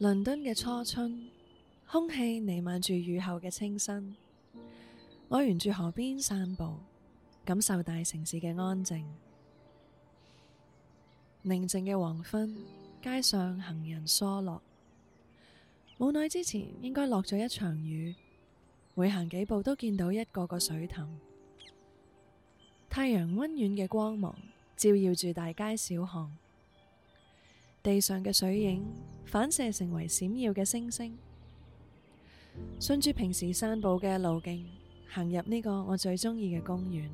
倫敦嘅初春，空氣彌漫住雨後嘅清新。我沿住河邊散步，感受大城市嘅安靜。寧靜嘅黃昏，街上行人疏落。冇耐之前應該落咗一場雨，每行幾步都見到一個個水凼。太陽溫暖嘅光芒照耀住大街小巷。地上嘅水影反射成為閃耀嘅星星。順住平時散步嘅路徑，行入呢個我最鍾意嘅公園，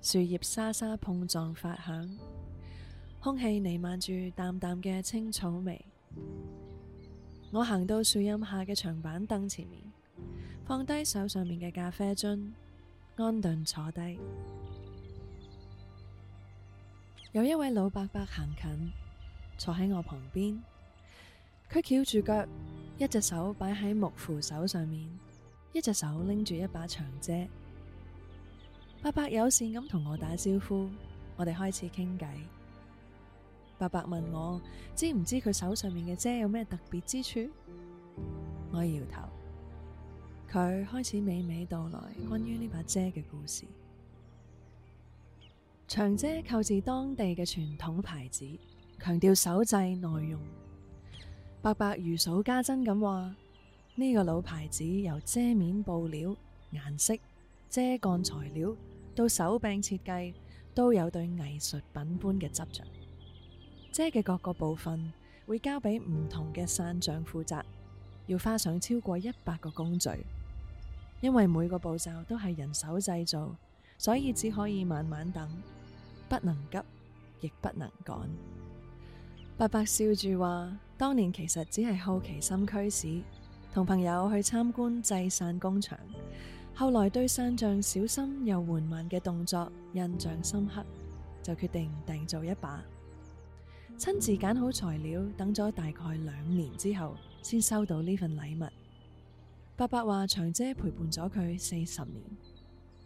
樹葉沙沙碰撞發響，空氣彌漫住淡淡嘅青草味。我行到樹蔭下嘅長板凳前面，放低手上面嘅咖啡樽，安頓坐低。有一位老伯伯行近。坐喺我旁邊，佢翹住腳，一隻手擺喺木扶手上面，一隻手拎住一把長遮。伯伯友善咁同我打招呼，我哋開始傾偈。伯伯問我知唔知佢手上面嘅遮有咩特別之處，我搖頭。佢開始娓娓道來關於呢把遮嘅故事。長遮購自當地嘅傳統牌子。強調手製內容，伯伯如數家珍咁話：呢個老牌子由遮面布料、顏色、遮槓材，材料到手柄設計，都有對藝術品般嘅執着。遮嘅各個部分會交俾唔同嘅散匠負責，要花上超過一百個工序。因為每個步驟都係人手製造，所以只可以慢慢等，不能急，亦不能趕。伯伯笑住話：當年其實只係好奇心驅使，同朋友去參觀製傘工場。後來對傘匠小心又緩慢嘅動作印象深刻，就決定訂造一把。親自揀好材料，等咗大概兩年之後，先收到呢份禮物。伯伯話：長遮陪伴咗佢四十年，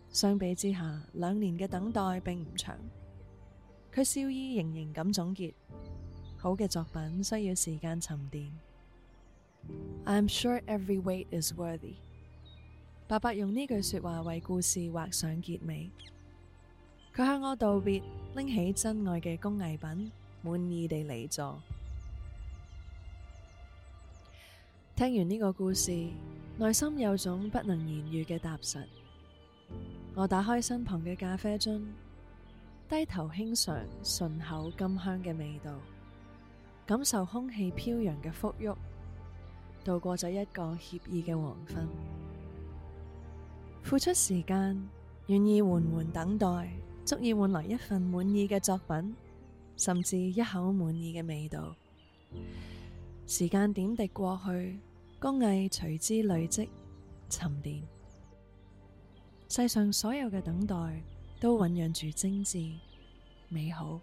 相比之下，兩年嘅等待並唔長。佢笑意盈盈咁總結。好嘅作品需要時間沉澱。I'm sure every weight is worthy。伯伯用呢句說話為故事畫上結尾。佢向我道別，拎起珍愛嘅工藝品，滿意地離座。聽完呢個故事，內心有種不能言喻嘅踏實。我打開身旁嘅咖啡樽，低頭輕嘗順口甘香嘅味道。感受空氣飄揚嘅馥郁，度過咗一個愜意嘅黃昏。付出時間，願意緩緩等待，足以換來一份滿意嘅作品，甚至一口滿意嘅味道。時間點滴過去，工藝隨之累積，沉澱。世上所有嘅等待都，都醞釀住精致美好。